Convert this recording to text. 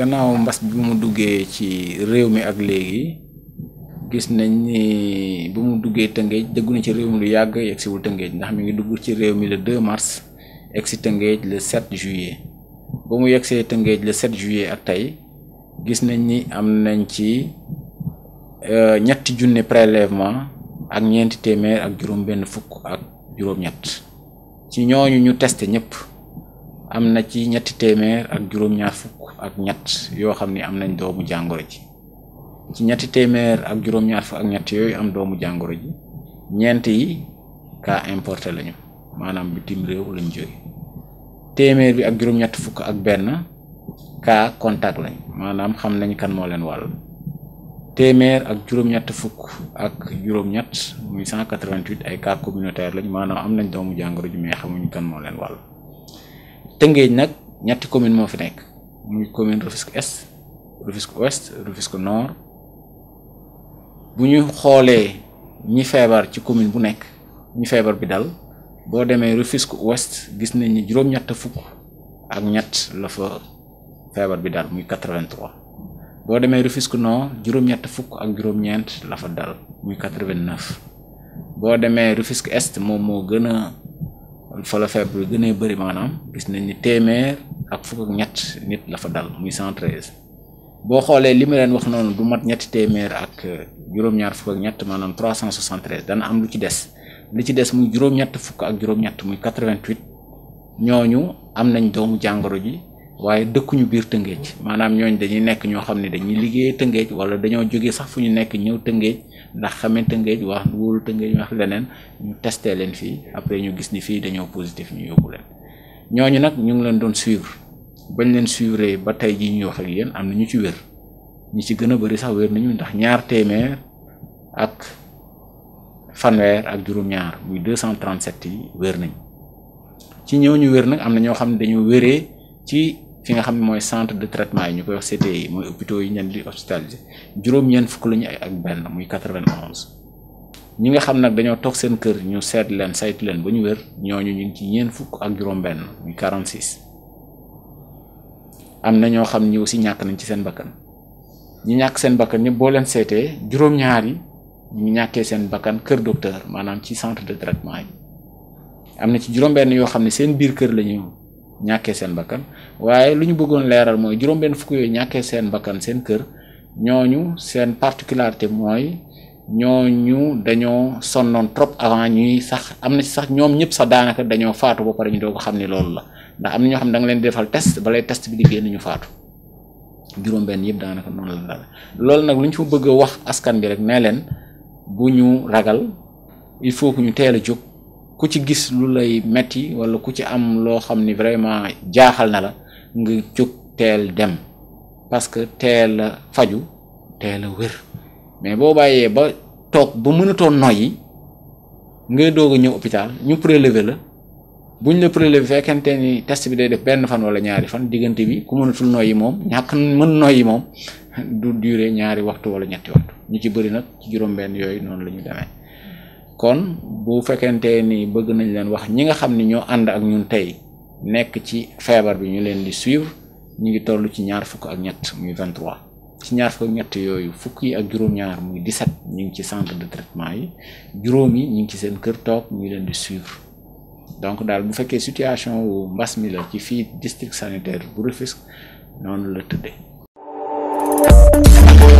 gannaaw mbas bi mu duggee ci réew mi ak léegi gis nañ ni bu mu duggee tëngéej dëggu na ci réew mi lu yàgg yegsiwul tëngéej ndax mi ngi dugg ci réew mi le 2 mars egsi tëngéej le 7 juillet ba mu yegsee tëngéej le 7 juillet ak tey gis nañ ni am nañ ci euh, ñetti junne prélèvement ak ñeenti téeméer ak juróom-benn fukk ak juróom-ñett ci ñooñu ñu teste ñëpp am na ci ñetti téeméer ak juróom-ñaar fukk. ak ñatt yo xamni am nañ doomu jangoro ji ci ñatti témèr ak juroom ñaar fa ak ñatt yoy am doomu jangoro ji ñent yi ka importé lañu bi tim rew lañ joy témèr bi ak juroom ñatt fukk ak ben ka contact lañ manam xam nañ kan mo leen wal témèr ak juroom ñatt fukk ak juroom ñatt muy 188 ay ka communautaire lañ manam am nañ doomu jangoro ji mais xamuñ kan mo leen wàll tëngeej nak ñetti commune mo fi nek muy commune Rufisque Est Rufisque Ouest Rufisque Nord bu ñu xoolee ñi feebar ci commune bu nekk ñi feebar bi dal boo demee Rufisque Ouest gis nañ ni juróom-ñett fukk ak ñett la fa bi dal muy 83 boo demee Rufisque Nord juróom fukk ak juróom-ñeent la fa dal muy 89 boo demee Rufisque Est moom moo gën a fa la feebar bi gën a maanaam gis nañ téeméer. ak fuk ak ñett nit la fa dal muy 113 bo xolé limi len wax non du mat ñetti témèr ak euh, juroom ñaar fuk ak ñett manam 373 dan am lu ci dess li ci dess muy juroom ñett fuk ak juroom ñett muy 88 ñoñu am nañ doomu jangoro ji dekk ñu biir tëngeej manam ñoñ dañuy nekk ño xamni dañuy liggéey tëngeej wala dañoo joggé sax fu ñu nekk ñew tëngeej ndax xamé tëngeej wax wuul tëngeej wax leneen ñu testé len fi après ñu gis ni fi dañoo positif ñu yobulé ñooñu nag ñu ngi leen doon suivre bañ leen suivre ba tey jii ñuy wax ak yéen am na ñu ci wér ñi ci gën a bëri sax wér nañu ndax ñaar téeméer ak fanweer ak juróom-ñaar muy 237 yi wér nañ ci ñëw ñu wér nag am na ñoo xam ne dañoo wéree ci fi nga xam ne mooy centre de traitement yi ñu koy wax CTI mooy hôpitaux yi ñen di hospitalisé juróom-ñeent fukk la ñu ak benn muy 91. ñi nga xam nak dañoo tok seen kër ñu sét leen sayt leen ba ñu wër ñooñu ñu ngi ci ñeen fukk ak juróom benn muy 46 am na ñoo xam ñi aussi ñàkk nañ ci seen bakkan ñi ñàkk seen bakkan ñëpp boo leen seetee juróom-ñaar yi ñu ñàkkee seen bakkan kër docteur maanaam ci centre de traitement yi am na ci juróom-benn yoo xam ne seen biir kër lañu ñu ñàkkee seen bakkan waaye lu ñu bëggoon leeral mooy juróom-benn fukk yooyu ñàkkee seen bakkan seen kër ñooñu seen particularité mooy ñooñu dañoo sonnoon trop avant ñuy sax am na ci sax ñoom ñëpp sax daanaka dañoo faatu ba pare ñu doo ko xam ni loolu la ndax am na ñoo xam ne da nga leen defal test balay test bi di génn ñu faatu juróom-benn yëpp daanaka noonu la dara loolu nag lu ñu fa bëgg a wax askan bi rek ne leen bu ñu ragal il faut que ñu teel a jóg ku ci gis lu lay metti wala ku ci am loo xam ni vraiment jaaxal na la nga jóg teel dem parce que teel a faju teela wér. mais boo bàyyee ba toog ba mënatoo noyyi ngay doog a ñëw hôpital ñu prélever la buñ la prélever fekkente ni test bi day def benn fan wala ñaari fan diggante bi ku mënatul noyyi moom ñakk mën yi moom du durer ñaari waxtu wala ñetti waxtu ñu ci bëri nag ci juróom-benn yooyu noonu la ñu demee kon bu fekkente ni bëgg nañ leen wax ñi nga xam ni ñoo ànd ak ñun tey nekk ci feebar bi ñu leen di suivre ñu ngi toll ci ñaar fukk ak ñett muy 23. ci ñaar fukk ñett yooyu fukk yi ak juróom-ñaar muy sat ñu ngi ci centre de traitement yi juróom yi ñu ngi ci seen kër toog ñu leen di suivre donc daal bu fekkee situation wu mbas mi la ci fii district sanitaire bu Rufisque noonu la tëdde